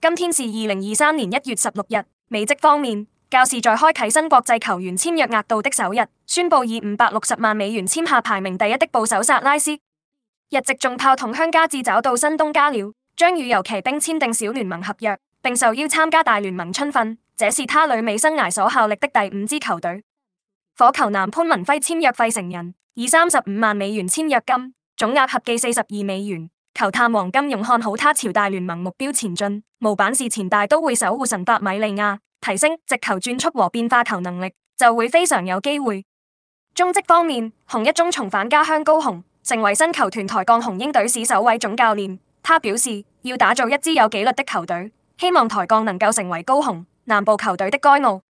今天是二零二三年一月十六日。美職方面，教士在開啟新國際球員簽約額度的首日，宣布以五百六十萬美元簽下排名第一的捕手薩拉斯。日籍重炮筒香嘉智找到新東家了，將與遊騎兵簽訂小聯盟合約，並受邀參加大聯盟春訓。這是他旅美生涯所效力的第五支球隊。火球男潘文輝簽約費城人，以三十五萬美元簽約金，總額合計四十二美元。球探王金勇看好他朝大聯盟目標前進。模板是前大都會守護神法米利亞，提升直球轉速和變化球能力，就會非常有機會。中職方面，紅一中重返家鄉高雄，成為新球團台鋼紅鷹隊史首位總教練。他表示要打造一支有紀律的球隊，希望台鋼能夠成為高雄南部球隊的驕傲。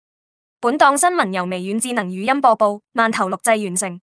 本檔新聞由微軟智能語音播報，慢投錄製完成。